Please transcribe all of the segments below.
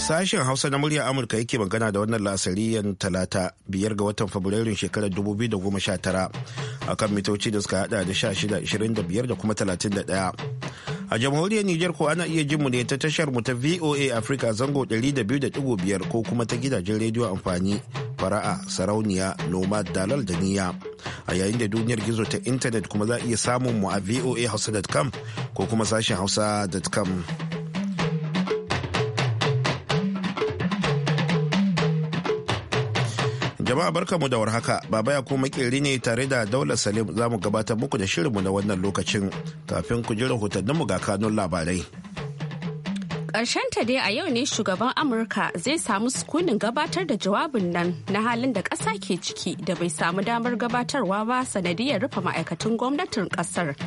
Sashen Hausa na murya Amurka yake magana da wannan lasariyan talata biyar ga watan Fabrairun shekarar 2019 kan mitoci da suka hada da 1625 da kuma 31. A jamhuriyar Nijar ko ana iya jinmu ne ta tashar mu ta VOA Africa zango 200.5 ko kuma ta gidajen rediyo amfani fara'a sarauniya nomad dalal da niyya a yayin da duniyar gizo ta intanet kuma za a iya samun mu a voahausa.com ko kuma sashen hausa.com Jama'a barkamu da warhaka, Baba ya kuma makeri ne tare da daular Salim za mu gabatar muku da shirinmu na wannan lokacin kafin ku ji rahotanninmu ga kanun labarai. ta dai a yau ne shugaban Amurka zai samu sukunin gabatar da jawabin nan na halin da ƙasa ke ciki da bai samu damar gabatarwa ba sanadiyar rufe ma'aikatan gwamnatin ƙasar.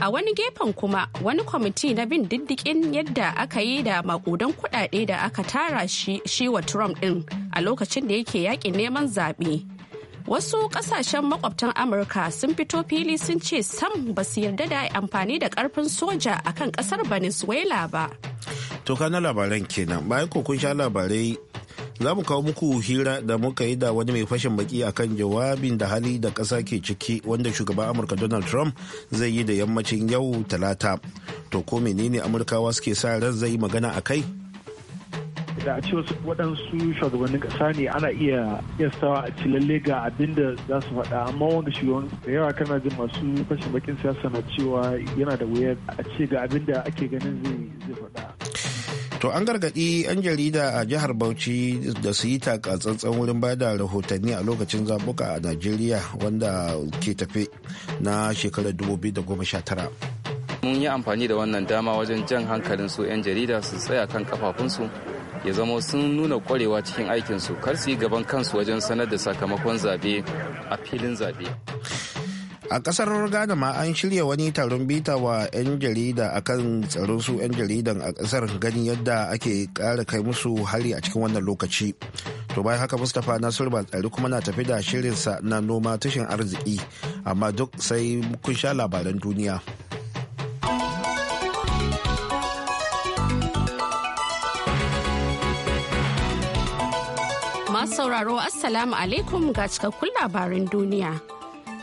A wani gefen kuma wani kwamiti na bin diddikin yadda aka yi da makudan kudade da aka tara shi, wa Trump din. a lokacin da yake yakin neman zaɓe. Wasu ƙasashen makwabtan Amurka sun fito fili sun ce sam ba su yarda da amfani da ƙarfin soja a kan ƙasar Venezuela ba. To na labaran kenan bayan ko kun sha labarai za mu kawo muku hira da muka yi da wani mai fashin baki akan jawabin da hali da ƙasa ke ciki wanda shugaban amurka donald trump zai yi da yammacin yau talata to ko menene amurkawa suke sa ran zai magana a kai da a ce waɗansu shugabannin ƙasa ne ana iya sawa a ci lalle ga abin da za su faɗa amma wanda shugaban da yawa kana jin masu fashin bakin siyasa na cewa yana da wuya a ce ga abin da ake ganin zai faɗa. To an gargaɗi 'yan jarida a jihar Bauchi da su yi takatsantsan wurin bada rahotanni a lokacin zabuka a Najeriya wanda ke tafe na shekarar 2019. Mun yi amfani da wannan dama wajen jan hankalin su 'yan jarida su tsaya kan kafafunsu ya zama sun nuna kwarewa cikin aikinsu kar su yi gaban kansu wajen sanar da sakamakon zabe a filin zabe. a kasar ghana ma an shirya wani taron bita wa 'yan jarida akan tsaron su 'yan jaridan a kasar gani yadda ake kara kai musu hari a cikin wannan lokaci to bayan haka mustapha nasiru ba tsari kuma na tafi da shirinsa na noma tushen arziki amma duk sai kun sha labaran duniya. sauraro Assalamu alaikum ga cikakkun labarin duniya.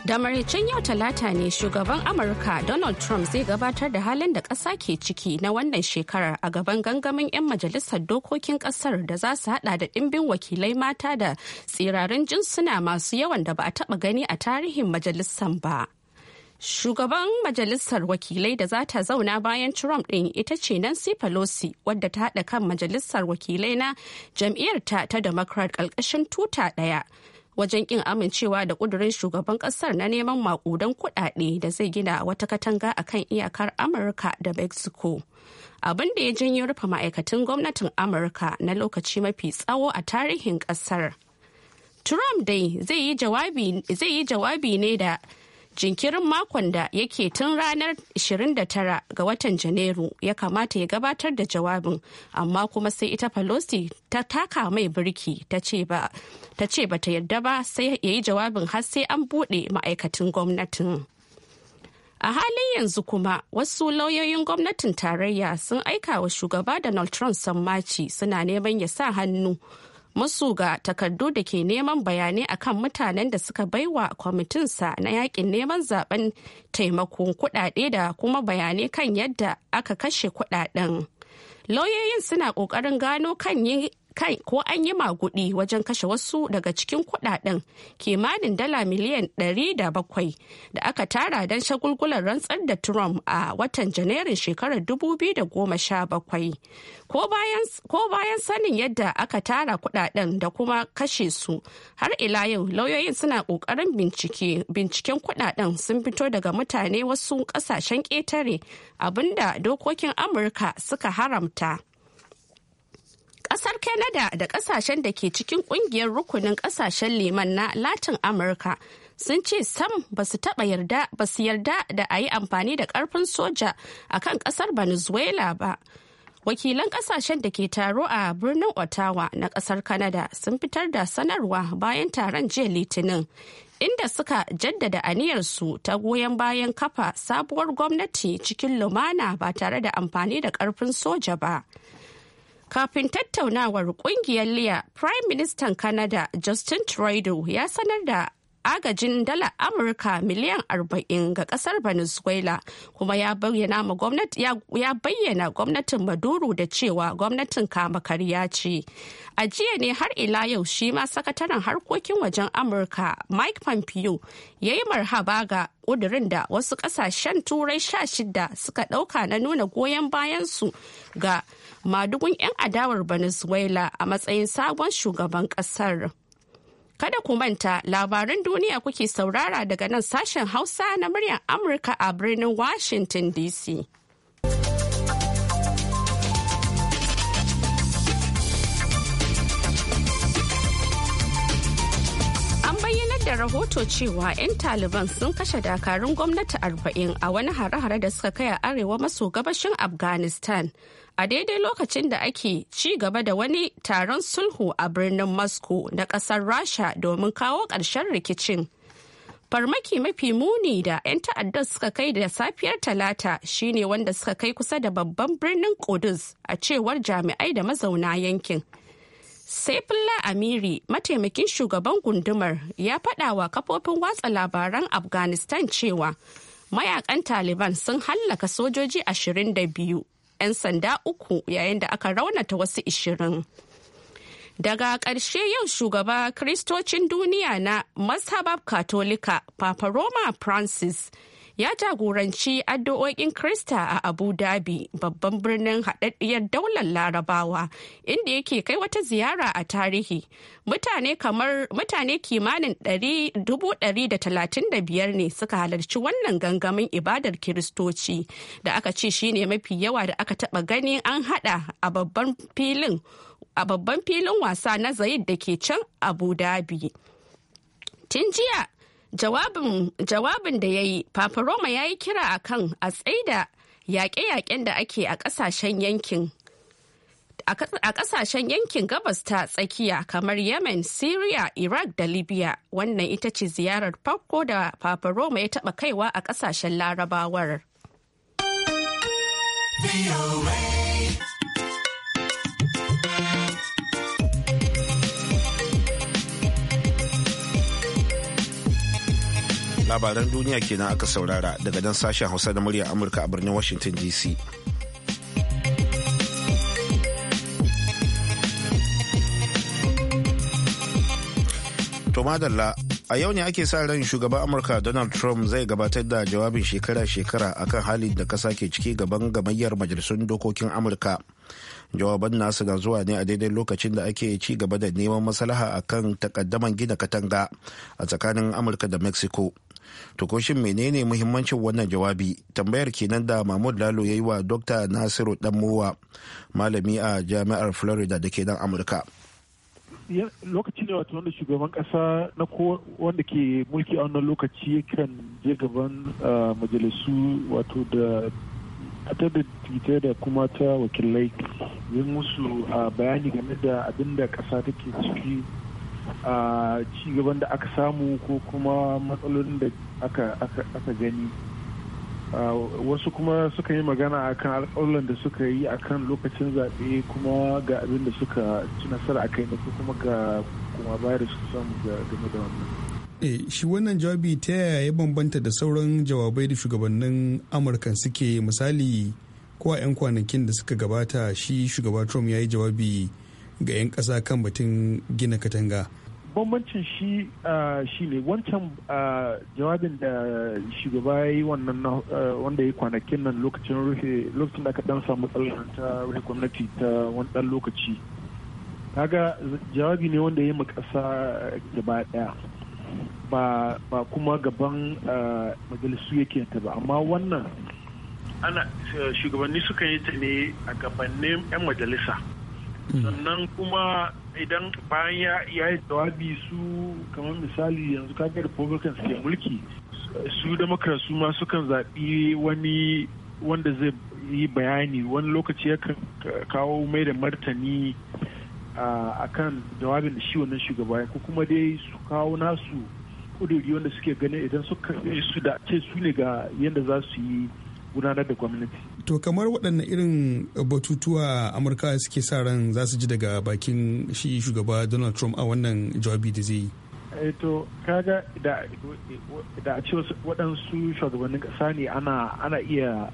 Da maraicen yau talata ne shugaban Amurka Donald Trump zai gabatar da halin da ƙasa ke ciki na wannan shekarar a gaban gangamin 'yan majalisar dokokin ƙasar da za su hada da ɗimbin wakilai mata da tsirarin jinsuna masu yawan da ba a taɓa gani a tarihin majalisar ba. Shugaban Majalisar Wakilai da za ta zauna bayan Trump ɗin ita ce Nancy Pelosi wadda ta haɗa kan Majalisar Wakilai na jam'iyyar ta Democrat ƙarƙashin tuta ɗaya. Wajen ƙin amincewa da ƙudurin shugaban ƙasar na neman maƙudan kuɗaɗe da zai gina wata katanga a kan iyakar Amurka da Mexico. Abin da ya janyo rufe ma'aikatan gwamnatin Amurka na lokaci mafi tsawo a tarihin ƙasar. Trump dai zai yi jawabi ne da jinkirin makon da yake tun ranar 29 ga watan janairu ya kamata ya gabatar da jawabin amma kuma sai ita pelosi ta taka mai birki ta ce ba ta yarda ba sai ya yi jawabin har sai an buɗe ma'aikatan gwamnatin A halin yanzu kuma wasu lauyoyin gwamnatin tarayya sun aika wa shugaba Donald Trump sammaci suna neman ya sa hannu musu ga takardu da ke neman bayanai akan mutanen da suka baiwa kwamitinsa na yakin neman zaben taimakon kudade da kuma bayanai kan yadda aka kashe kudaden lauyoyin suna kokarin gano kan yin. kai ko an yi maguɗi wajen kashe wasu daga cikin kuɗaɗen kimanin dala miliyan 700 da aka tara don shagulgular rantsar da Trump a watan Janairun shekarar 2017. Ko bayan sanin yadda aka tara kuɗaɗen da kuma kashe su, har ila yau lauyoyin suna ƙoƙarin bincike binciken kuɗaɗen sun fito daga mutane wasu ƙasashen ƙetare abinda dokokin Amurka suka haramta. Kasar Canada da kasashen da ke cikin kungiyar rukunin kasashen liman na Latin Amurka sun ce sam ba su taba yarda ba su yarda da a yi amfani da karfin soja a kan kasar Venezuela ba. Wakilan kasashen da ke taro a birnin Ottawa na kasar Canada sun fitar da sanarwa bayan taron jiya Litinin. inda suka jaddada aniyar su ta goyon bayan kafa sabuwar gwamnati cikin lumana ba tare da amfani da karfin soja ba. Kafin tattaunawar kungiyar Liya, Prime Minister Canada Justin Trudeau ya sanar da agajin dalar amurka miliyan 40 ga kasar venezuela kuma ya bayyana gwamnatin maduro da cewa gwamnatin kama kariya ce a jiya ne har ila yau shi ma sakataren harkokin wajen amurka mike pompeo ya yi marhaba ga kudurin da wasu kasashen turai sha shida suka dauka na nuna goyon bayansu ga madugun 'yan adawar venezuela a matsayin sabon shugaban kasar. Kada ku manta labaran duniya kuke saurara daga nan sashen Hausa na muryar Amurka a birnin Washington DC. An bayyanar da rahoto cewa 'yan taliban sun kashe dakarun gwamnati 40 a wani hare-hare da suka kai a arewa maso gabashin Afghanistan. a daidai lokacin da ake ci gaba da wani taron sulhu a birnin moscow na kasar rasha domin kawo ƙarshen rikicin farmaki mafi muni da 'yan ta'addar suka kai da safiyar talata shine wanda suka kai kusa da babban birnin kudus a cewar jami'ai da mazauna yankin saifullah amiri mataimakin shugaban gundumar ya faɗawa wa kafofin watsa labaran afghanistan cewa mayakan taliban sun hallaka sojoji 22 'yan sanda uku yayin da aka raunata wasu ishirin. Daga ƙarshe yau shugaba kiristocin duniya na Mazhabar Katolika, Papa Roma Francis ya jagoranci addu'o'in Krista a Abu Dhabi babban birnin haɗaɗɗiyar daular larabawa inda yake kai wata ziyara a tarihi. Mutane kamar mutane kimanin biyar ne suka halarci wannan gangamin ibadar Kiristoci da aka ce shine mafi yawa da aka taɓa gani an haɗa a babban filin. a babban filin wasa na zayid da ke can abu dhabi tun jiya Jawabin da ya yi, Papa Roma ya yi kira a kan a tsaida yaƙe-yaƙen da ake a ƙasashen yankin. A gabas ta tsakiya kamar Yemen, Syria, Iraq da Libya, wannan ita ce ziyarar farko da Papa Roma ya taɓa kaiwa a ƙasashen Larabawar. labaran duniya kenan aka saurara daga nan sashen hausa da murya amurka a birnin washington dc a yau ne ake sa ran shugaban amurka donald trump zai gabatar da jawabin shekara-shekara akan halin da kasa ke ciki gaban gamayyar majalisun dokokin amurka jawaban nasu na zuwa ne a daidai lokacin da ake ci gaba da neman maslaha akan takaddaman gina katanga a tsakanin amurka da mexico to ko shin menene muhimmancin wannan jawabi tambayar kenan da mahmud lalo ya yi wa dr nasiru danmowa malami a jami'ar florida da ke nan amurka lokaci ne wato wanda shugaban kasa na wanda ke mulki a wannan lokaci kan je gaban majalisu wato da ta da da kuma ta wakilai yin musu bayani game da abin da kasa take ciki ci gaban da aka samu ko kuma matsalolin da aka gani wasu kuma suka yi magana kan alƙawalin da suka yi akan lokacin zaɓe kuma ga abin da suka ci nasara akai ne ko kuma ga kuma da suka samu game da wannan eh shi wannan jawabi ta yaya ya bambanta da sauran jawabai da shugabannin amurkan suke misali ko a 'yan kwanakin da suka gabata shi shugaba trump ya yi jawabi ga 'yan ƙasa kan batun gina katanga bambancin shi ah, shi ne wancan ah, jawabin da shugaba ya yi wannan ah, wanda ya kwanakin nan lokacin rufe lokacin da aka dan samu matsalar ta rufe gwamnati ta wani dan lokaci kaga jawabi ne wanda ya yi makasa gaba daya ba kuma gaban majalisu yake ta ba amma wannan ana shugabanni suka yi ta ne a gabanin 'yan majalisa Mm. sannan kuma idan bayan ya yi jawabi su kamar misali yanzu kaga republican suke mulki su democrats su ma sukan zaɓi wani wanda zai yi bayani wani lokaci yakan kawo mai da martani a kan jawabin da shi wannan shugaba ko kuma dai su kawo nasu kuduri wanda suke ganin idan su da ce su ne ga yadda za su yi gudanar da gwamnati to kamar waɗannan irin batutuwa amurka suke sa ran za su ji daga bakin shi shugaba donald trump a wannan jawabi da zai yi eh, to kaga da a ce waɗansu shugabannin ƙasa ne ana iya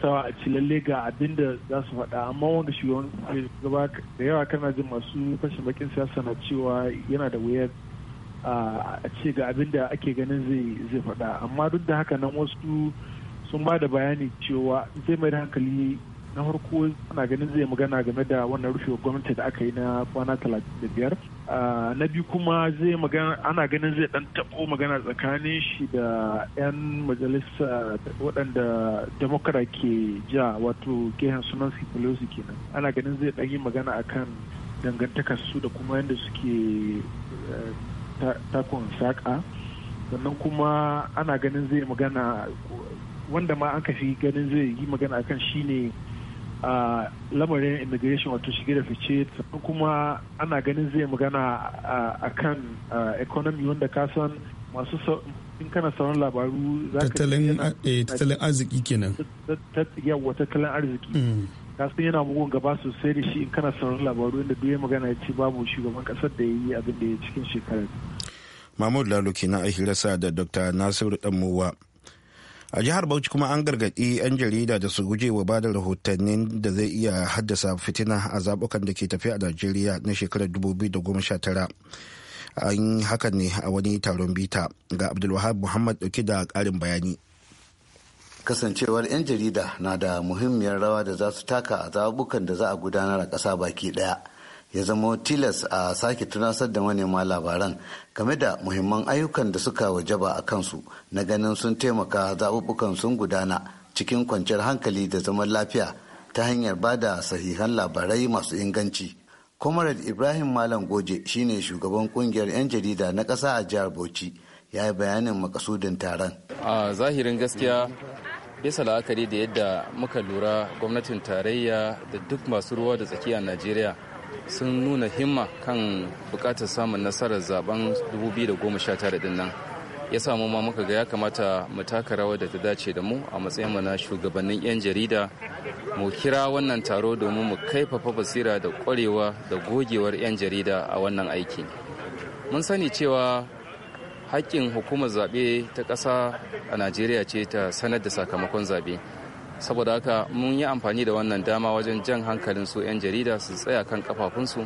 sawa a ci lalle ga abin da za su faɗa amma wanda shugaba da yawa kana jin masu fashin bakin siyasa na cewa yana da wuyar a ce ga abinda ake ganin zai faɗa amma duk da haka nan wasu sun ba da bayani cewa zai mai hankali na farko ana ganin zai magana game da wannan rufe gwamnati da aka yi na kwana talatin da biyar ah, na biyu kuma zai magana ana ganin zai dan tabo magana tsakanin shi da 'yan majalisa waɗanda demokara ke ja wato gehen sunan pelosi kenan ana ganin zai dan yi magana akan dangantakar su da kuma yadda suke eh, takon saƙa sannan kuma ana ganin zai magana wanda ma an fi ganin zai yi magana akan shine a lamarin immigration wato shige da fice sannan kuma ana ganin zai magana akan economy wanda ka san masu in kana sauran labaru za ka eh, tattalin arziki kenan yawa tattalin arziki mm. san yana mugun gaba sosai da shi in kana sauran labaru inda duk ya magana ya ce babu shugaban kasar da ya yi abin da ya cikin shekarar. Mahmud Lalo kenan a hirasa da Dr. Nasiru Danmowa. a jihar bauchi kuma an gargaɗi 'yan jarida da su guje wa bada rahotannin da zai iya haddasa fitina a zabukan da ke tafiya a najeriya na shekarar da sha tara an hakan ne a wani taron bita ga abdulwahab muhammad dauke da ƙarin bayani kasancewar 'yan jarida na da muhimmiyar rawa da za su taka a zabukan da za a gudanar a ƙasa baki ɗaya ya zama tilas a sake tunasar da manema labaran game da muhimman ayyukan da suka wajaba a kansu na ganin sun taimaka zaɓuɓɓukan sun gudana cikin kwanciyar hankali da zaman lafiya ta hanyar ba da sahihan labarai masu inganci. Comrade Ibrahim Malam Goje shine shugaban kungiyar 'yan jarida na ƙasa a jihar Bauchi ya yi bayanin makasudin taron. A zahirin gaskiya bisa la'akari da yadda muka lura gwamnatin tarayya da duk masu ruwa da tsakiya najeriya sun nuna himma kan bukatar samun nasarar zaben 2019 din nan ya samu ma muka ga ya kamata mu taka rawa da ta dace da mu a matsayin mu na shugabannin 'yan jarida mu kira wannan taro domin mu kaifafa basira da kwarewa da gogewar 'yan jarida a wannan aiki mun sani cewa haƙƙin hukumar zaɓe ta ƙasa a najeriya ce ta sanar da sakamakon zaɓe saboda haka mun yi amfani da wannan dama wajen jan hankalin su 'yan jarida su tsaya kan kafafunsu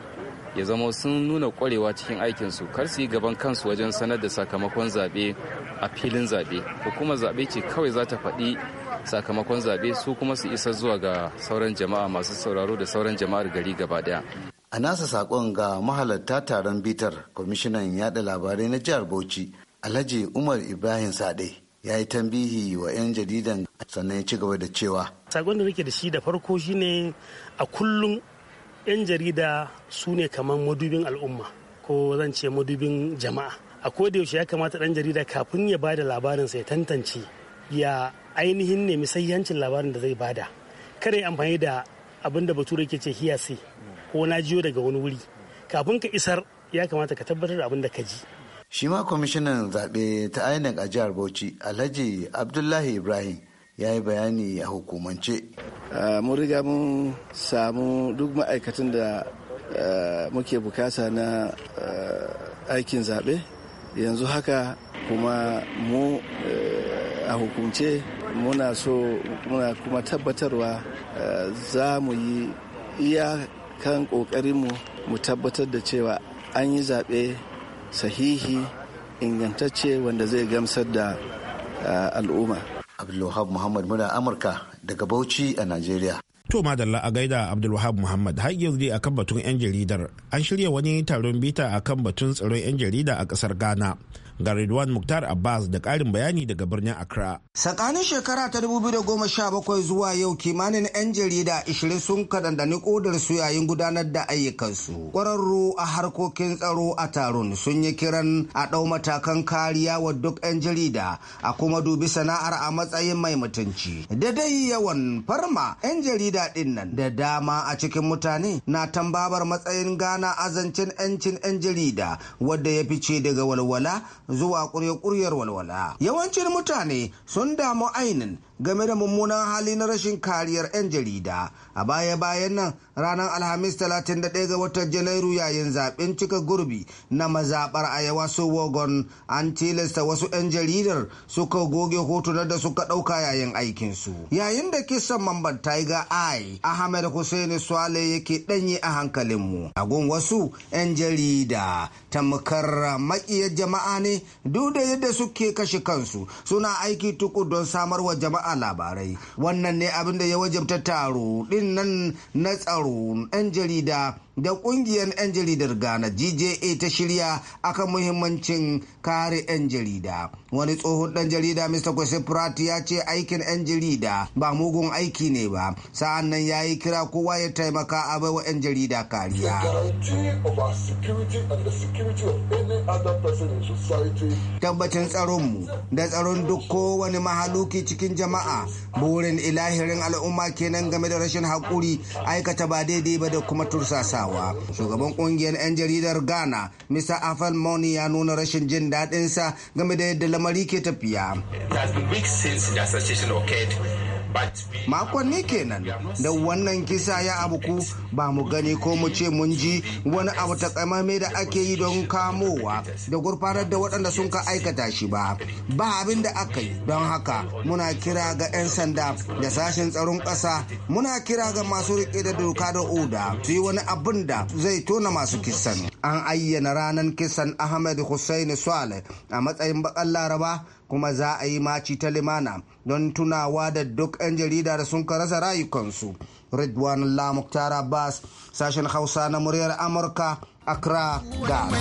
ya zama sun nuna kwarewa cikin aikinsu kar su yi gaban kansu wajen sanar da sakamakon zaɓe a filin zaɓe kuma zaɓe ce kawai za ta faɗi sakamakon zaɓe su kuma su isa zuwa ga sauran jama'a masu sauraro da sauran jama'ar gari gaba ɗaya a nasa saƙon ga mahalarta taron bitar kwamishinan yaɗa labarai na jihar bauchi alhaji umar ibrahim sade ya yi tambihi wa 'yan jaridan sannan ya ci gaba da cewa sagon da nake da shi da farko shine a kullum 'yan jarida su ne kamar madubin al'umma ko zan ce madubin jama'a a yaushe ya kamata ɗan jarida kafin ya bada labarinsa ya tantance ya ainihin nemi yancin labarin da zai bada kada amfani da abin da bature ke ce hiyasi ko na jiyo daga wani wuri kafin ka isar ya kamata ka tabbatar da abin da ka ji shi ma kwamishinan zaɓe ta inec a jihar bauchi alhaji abdullahi ibrahim ya yi bayani a hukumance mun riga mun samu duk ma'aikatan da muke bukasa na aikin zaɓe yanzu haka kuma mu a hukumce muna so muna kuma tabbatarwa za mu yi iyakan ƙoƙarinmu mu tabbatar da cewa an yi zaɓe sahihi ingantacce wanda zai gamsar da eh, al'umma. Abdullahi Muhammad muna Amurka daga Bauchi a Najeriya. To madalla a gaida Abdulwahab Muhammad har yanzu dai akan batun 'yan jaridar an shirya wani taron bita akan batun tsaron 'yan jarida a kasar Ghana. ga Redwan Muktar Abbas da ƙarin bayani daga birnin Accra. Tsakanin shekara ta 2017 zuwa yau kimanin 'yan jarida 20 sun kaɗandani ƙodar su yayin gudanar da ayyukansu. Ƙwararru a harkokin tsaro a taron sun yi kiran a ɗau matakan kariya wa duk 'yan jarida a kuma dubi sana'ar a matsayin mai mutunci. Da dai yawan farma 'yan jarida ɗin da dama a cikin mutane na tambabar matsayin gana azancin 'yancin 'yan jarida wadda ya fice daga walwala zuwa kure kuryar walwala. Yawancin mutane sun damu ainin game da mummunan hali na rashin kariyar 'yan jarida a baya-bayan nan ranar alhamis 31 ga watan janairu yayin zaben cika gurbi na mazabar ayawa wagon an tilasta wasu 'yan jaridar suka goge hotunan da suka ɗauka yayin aikinsu yayin da kisan mamban tiger eye ahmed hussein swale yake ɗanye a hankalinmu a gun wasu 'yan jarida ta maƙiyar jama'a ne duk da yadda suke kashe kansu suna aiki tuku don samar wa jama'a a labarai wannan ne abin da ya wajabta taro din nan na tsaro 'yan jarida da kungiyar 'yan jaridar ghana gja ta shirya akan muhimmancin kare 'yan jarida wani tsohon dan jarida mr pratt ya ce aikin 'yan jarida ba mugun aiki ne ba sa'an nan ya yi kira kowa ya taimaka a baiwa 'yan jarida kariya tabbacin tsaronmu da tsaron duk kowane mahaluki cikin jama'a burin ilahirin al'umma kenan game da rashin haƙuri aikata ba daidai ba da kuma tursasa adawa shugaban kungiyar 'yan jaridar ghana mr afal moni ya nuna rashin jin daɗinsa game da yadda lamari ke tafiya makonni kenan da wannan kisa ya abuku ba mu gani ko mu ce mun ji wani abu ta takamame da ake yi don kamowa da gurfanar da waɗanda sun ka aikata shi ba ba abin da aka yi don haka muna kira ga 'yan sanda da sashen tsaron ƙasa muna kira ga masu riƙe da doka da oda su yi wani abin da zai tona masu kisan an ayyana ranar kisan ahmed hussein swale a matsayin bakan laraba kuma za a yi maci ta limana don tunawa da duk 'yan jarida da sun rasa rayukansu ridwan lamuktar bas sashen hausa na muryar amurka accra ga.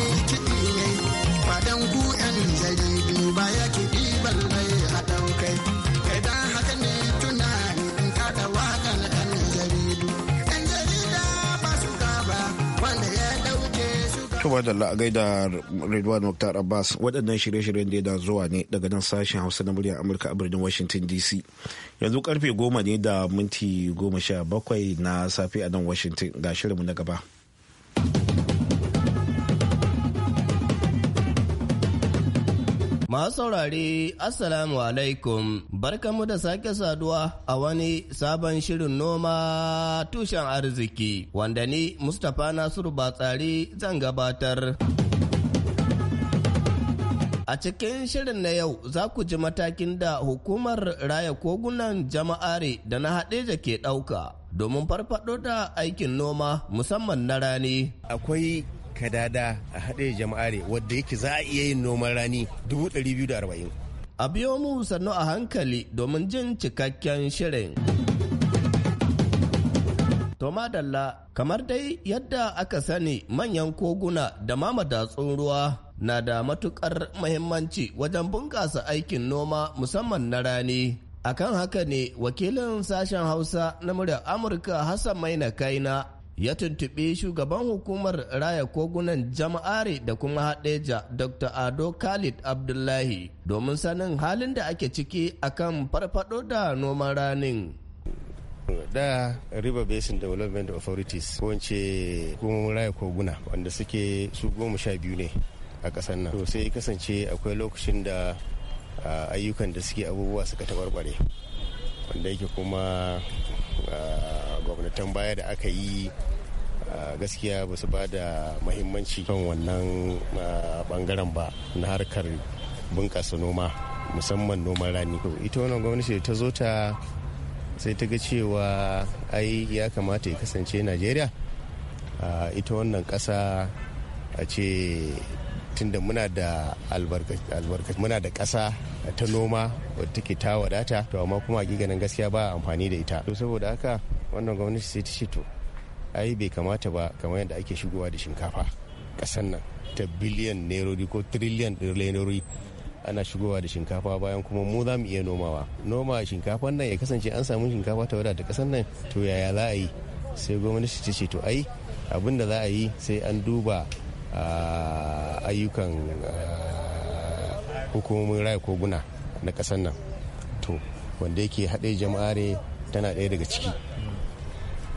ba da la'agai da Redwan Abbas waɗannan shirye-shiryen da ya zuwa ne daga nan sashen Hausa na muryar Amurka a birnin Washington DC. Yanzu karfe goma ne da minti goma sha bakwai na safe a nan Washington ga shirinmu na gaba. Masu saurare Assalamu alaikum barkanmu da sake saduwa a wani sabon shirin noma tushen arziki wanda ni Mustapha Nasiru Batsari zan gabatar. A cikin shirin na yau za ku ji matakin da hukumar raya kogunan jama'are da na haɗeja ke ɗauka domin farfaɗo da aikin noma musamman na rani. Akwai kadada a haɗe jama'are wadda yake za a iya yin noman rani 240 a biyo mu sannu a hankali domin jin cikakken shirin Toma Dalla kamar dai yadda aka sani manyan koguna da mamadatsun ruwa na da matukar mahimmanci wajen bunƙasa aikin noma musamman na rani. Akan haka ne wakilin sashen Hausa na muryar Amurka Hassan Maina Kaina ya tuntuɓi shugaban hukumar raya kogunan jama'are da kuma haɗeja dr ado khalid abdullahi domin sanin halin da ake ciki akan farfaɗo da noman ranin da river basin development authorities ko wance hukumomin raya koguna wanda suke su goma sha biyu ne a ƙasar nan to sai kasance akwai lokacin da ayyukan da suke abubuwa suka tabarbare wanda yake kuma gwamnatin baya da aka yi gaskiya ba su ba da mahimmanci kan wannan bangaren ba na harkar bunƙasa noma musamman noman rani ita wannan gwamnati ta zo ta sai ta ga cewa ai ya kamata ya kasance najeriya ita wannan ƙasa a ce tunda muna da albarkaci muna da ƙasa ta noma wadda take ta wadata to amma kuma hakikanin gaskiya ba amfani da ita to saboda haka wannan gwamnati sai ta ce to ai bai kamata ba kamar yadda ake shigowa da shinkafa ƙasar nan ta biliyan nerori ko triliyan nerori ana shigowa da shinkafa bayan kuma mu za mu iya nomawa noma shinkafan nan ya kasance an samu shinkafa ta wadata ƙasar nan to yaya za a yi sai gwamnati ta ce to ai abin da za a yi sai an duba ayyukan eh, hukumomin raya koguna na ƙasar nan to wanda yake haɗe jama'a ne tana ɗaya daga ciki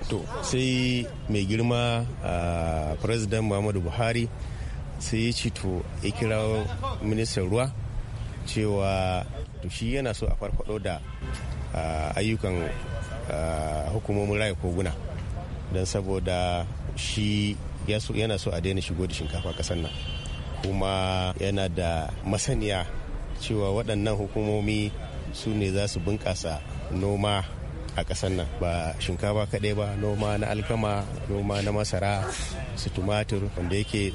to sai mai girma a eh, president muhammadu buhari sai ya ci to ya kira ministan ruwa cewa to shi yana so a farfado da eh, ayyukan hukumomin raya koguna don saboda shi yana so a daina shigo da shinkafa kasar nan kuma yana da masaniya cewa waɗannan hukumomi su ne za su bunƙasa noma a ƙasar nan ba shinkafa kaɗai ba noma na alkama noma na masara su tumatur wanda yake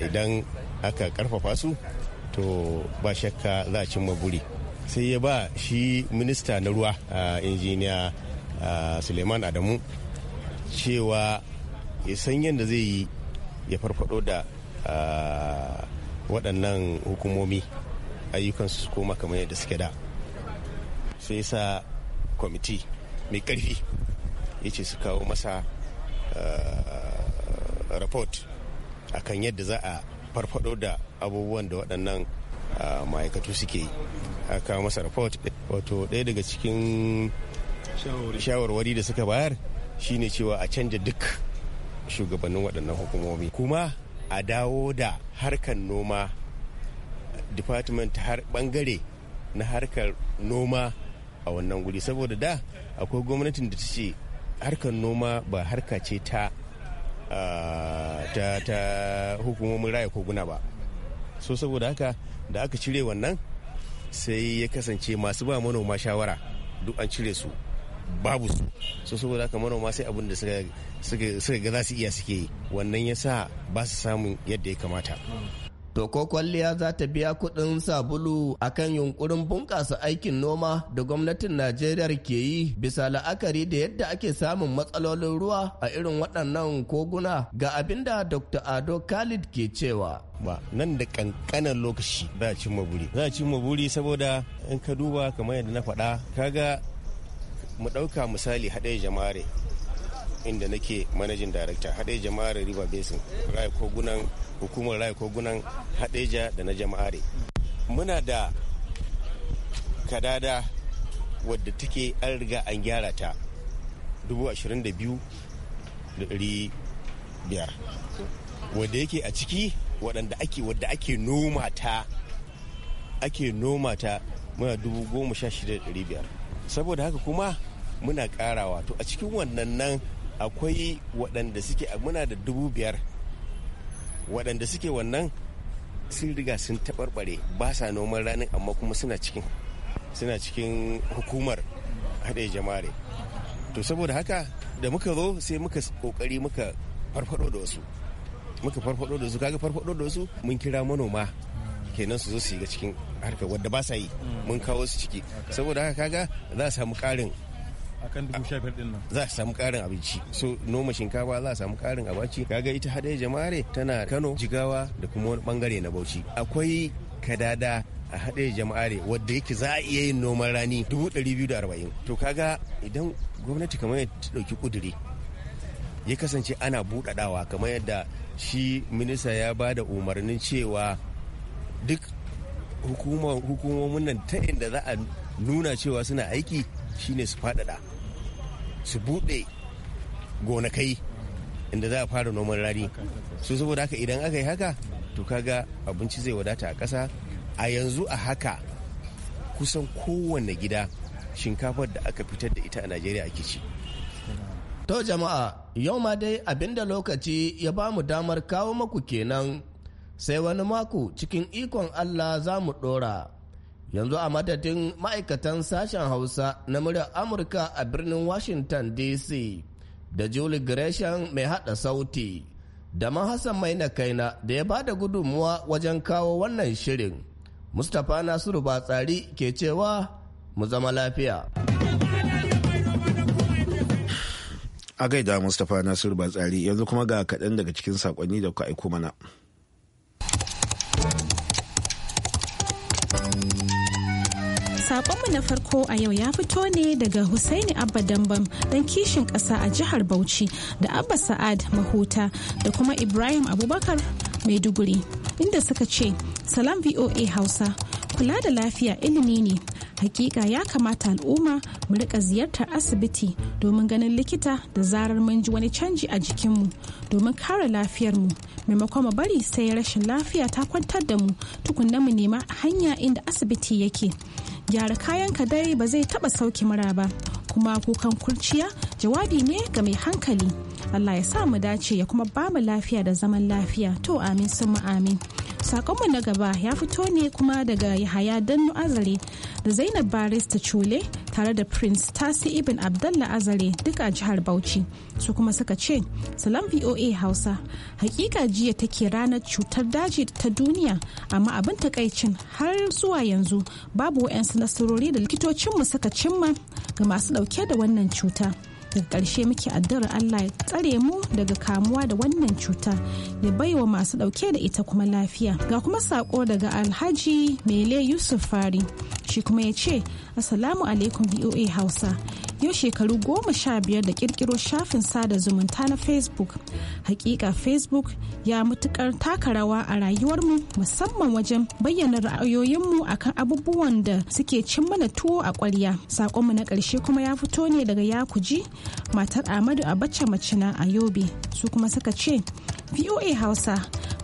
idan aka ƙarfafa su to ba shakka za a cimma buri sai ya ba shi minista na ruwa injiniya suleiman adamu cewa ya san yadda zai yi ya farfado da ah, waɗannan hukumomi ayyukansu su koma kamar yadda suke da sai sa kwamiti mai ƙarfi ya ce su kawo masa ah, report kan yadda za a farfado da abubuwan da waɗannan ah, ma'aikatu suke yi a kawo masa report wato ɗaya daga cikin shawarwari da suka bayar shine cewa a canja duk shugabannin waɗannan hukumomi kuma a dawo da harkar noma department har bangare na harkar noma a wannan guri saboda da akwai gwamnatin da ta ce harkar noma ba harka ce ta ta hukumomin raya koguna ba so saboda haka da aka cire wannan sai ya kasance masu ba manoma shawara duk an cire su babu su so saboda haka manoma sai abin da suka ga za su iya suke yi wannan ya sa ba su samun yadda ya kamata to ko kwalliya za ta biya kudin sabulu akan yunkurin bunƙasa aikin noma da gwamnatin najeriya ke yi bisa la'akari da yadda ake samun matsalolin ruwa a irin waɗannan koguna ga abinda dr ado khalid ke cewa ba nan da kankanan lokaci za a cimma buri za a cimma buri saboda in ka duba kamar yadda na faɗa kaga mu ɗauka misali haɗe jamare inda nake manajin darakta haɗe jamare river basin raya kogunan hukumar raya kogunan haɗeja da na jama'are muna da kadada wadda take an riga an gyara ta 22,500 wadda yake a ciki wadanda ake wadda ake noma ta ake noma ta muna 16,500 saboda haka kuma muna karawa to a cikin wannan nan akwai waɗanda suke muna da dubu biyar waɗanda suke wannan sun riga sun taɓarɓare ba sa noman ranin amma kuma suna cikin suna cikin hukumar haɗe jamare to saboda haka da muka zo sai muka ƙoƙari muka farfado da wasu muka farfado da su kaga farfado da wasu mun kira manoma kenan su zo su shiga cikin harkar wadda ba sa yi mm. mun kawo su ciki saboda haka kaga za a samu karin akan dubu sha biyar nan za a samu karin abinci so noma shinkafa za a samu karin abinci. kaga ita hadaye jamare tana kano jigawa da kuma wani bangare na bauchi akwai kadada a haɗe jama'are wadda yake za a iya yin noman rani dubu 240 to kaga idan gwamnati kamar ya ɗauki kudiri ya kasance ana buɗaɗawa kamar yadda shi minista ya ba da umarnin cewa duk hukumomin nan ta inda za a nuna cewa suna aiki shine su faɗaɗa su buɗe gonakai inda za a fara noman rani su saboda haka idan aka yi haka to kaga abinci zai wadata a ƙasa a yanzu a haka kusan kowanne gida shinkafar da aka fitar da ita a najeriya ake ci to jama'a yau ma dai abinda lokaci ya ba mu damar kawo maku kenan sai wani mako cikin ikon Allah za mu ɗora. Yanzu a madadin ma'aikatan sashen Hausa na muryar Amurka a birnin Washington DC da Julie Gresham mai haɗa sauti, da Hassan mai na kaina da ya ba da gudunmuwa wajen kawo wannan shirin. Mustapha Nasiru Batsari ke cewa mu zama lafiya. A gaida Mustapha Nasiru Batsari yanzu kuma ga kaɗan daga cikin saƙonni da kuka aiko mana. saƙonmu na farko a yau ya fito ne daga Hussaini Abba Dambam dan kishin ƙasa a jihar Bauchi da Abba Sa'ad Mahuta da kuma Ibrahim Abubakar Maiduguri inda suka ce Salam VOA Hausa kula da lafiya ilimi ne hakika ya kamata al'umma mu rika ziyartar asibiti domin ganin likita da zarar mun ji wani canji a jikinmu domin kare lafiyarmu maimakon mu bari sai rashin lafiya ta kwantar da mu tukunna mu nema hanya inda asibiti yake gyara kayan ka dai ba zai taba sauki mura ba kuma kukan kurciya jawabi ne ga mai hankali Allah ya sa mu dace ya kuma ba mu lafiya da zaman lafiya to amin sun mu amin Sakonmu na gaba ya fito ne kuma daga Yahaya Dannu Azare da Zainab Barista cule tare da Prince Tasi Ibn Abdallah Azare duka a jihar Bauchi. Su kuma suka ce, Salam VOA Hausa, hakika jiya take ranar cutar daji ta duniya, amma abin takaicin har zuwa yanzu babu wa'yansu nasarori da likitocinmu suka cimma ga masu ɗauke da wannan cuta. daga ƙarshe muke addu'ar Allah ya tsare mu daga kamuwa da wannan cuta ya baiwa masu ɗauke da ita kuma lafiya ga kuma sako daga alhaji mele yusuf fari shi kuma ya ce assalamu alaikum voa hausa yau shekaru goma sha biyar da kirkiro shafin sada zumunta na facebook hakika facebook ya matukar taka rawa a rayuwarmu musamman wajen bayyana ra'ayoyinmu akan abubuwan da suke cin mana tuwo a kwarya sakonmu na karshe kuma ya fito ne daga yakuji matar amadu abacha macina a yobe su kuma suka ce VOA Hausa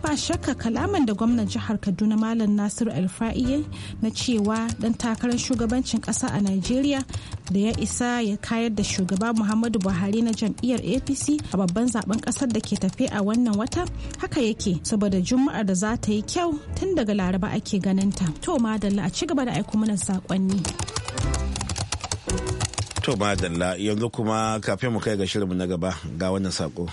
ba shakka kalaman da gwamnan jihar Kaduna Malam Nasiru Alfa'iye na cewa dan takarar shugabancin ƙasa a Najeriya da ya isa ya kayar da shugaba Muhammadu Buhari na jam'iyyar APC a babban zaben ƙasar da ke tafe a wannan wata haka yake saboda juma'ar da za ta yi kyau tun daga Laraba ake ganinta. To madalla a ci gaba da aiko mana saƙonni. To madalla yanzu kuma kafin mu kai ga shirinmu na gaba ga wannan sako.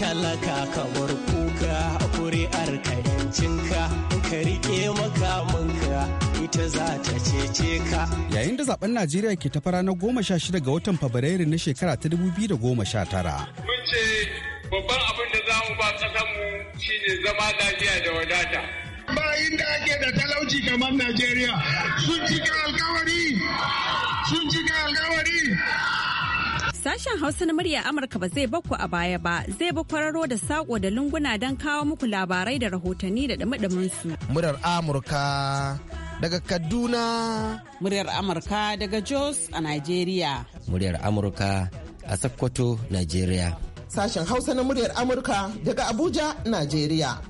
talaka kamar kuka kuri'ar kayancinka ka rike makamanka ita za ta cece ka yayin da zaben najeriya ke ta fara na goma sha shida ga watan fabrairu na shekara ta dubu biyu da goma sha tara mun ce babban abin da za mu ba ƙasanmu shine zama lafiya da wadata bayin da ake da talauci kamar najeriya sun cika alkawari sun cika alkawari Sashen Hausa na murya Amurka ba zai bakku a baya ba, zai ba kwararo da sako da lunguna don kawo muku labarai da rahotanni da dumi su. Muryar Amurka daga Kaduna. Muryar Amurka daga Jos a Najeriya. Muryar Amurka a Sokoto, Najeriya. Sashen Hausa na muryar Amurka daga Abuja, Najeriya.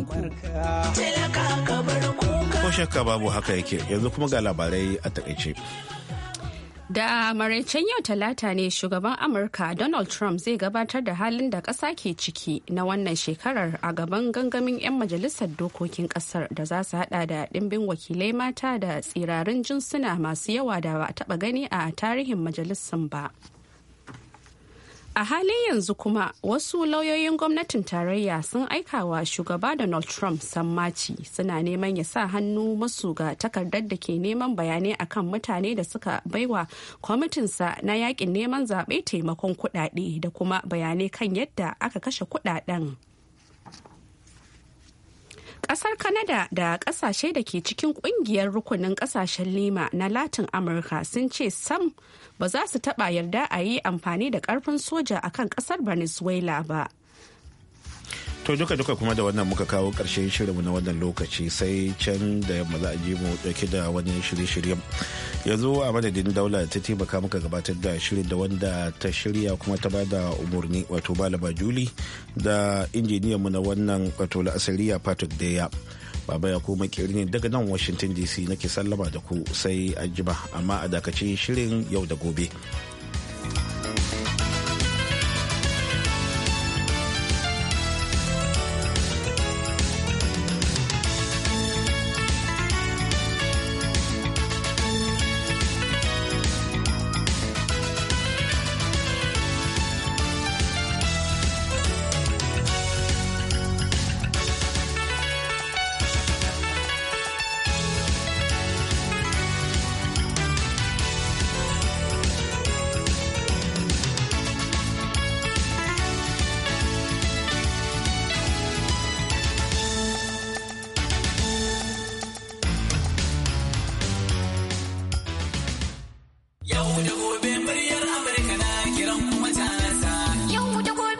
ku. Ko shakka babu haka yake yanzu kuma ga labarai a takaice. Da maraicen yau talata ne shugaban Amurka Donald Trump zai gabatar da halin da ƙasa ke ciki na wannan shekarar a gaban gangamin 'yan majalisar dokokin ƙasar da za su hada da ɗimbin wakilai mata da tsirarin jinsuna masu yawa da ba a taɓa gani a tarihin majalisun ba. A halin yanzu kuma wasu lauyoyin gwamnatin tarayya sun aikawa shugaba Donald Trump sammaci suna neman ya sa hannu masu ga takardar da ke neman bayanai akan mutane da suka baiwa kwamitinsa na yakin neman zaɓe taimakon kuɗaɗe da kuma bayanai kan yadda aka kashe kuɗaɗen. Kasar Canada da kasashe da ke cikin kungiyar rukunin kasashen lima na Latin Amurka sun ce sam ba za su taba yarda a yi amfani da karfin soja akan kasar Venezuela ba. to duka duka kuma da wannan muka kawo ƙarshen shirinmu na wannan lokaci sai can da yamma za a ji mu dauke da wani shirye-shiryen yanzu a madadin daula ta taimaka muka gabatar da shirin da wanda ta shirya kuma ta bada umarni wato balaba juli da injiniyanmu na wannan wato la'asariya patrick daya baba ya koma ne daga nan washington dc nake sallama da ku sai jima amma a dakacin shirin yau da gobe.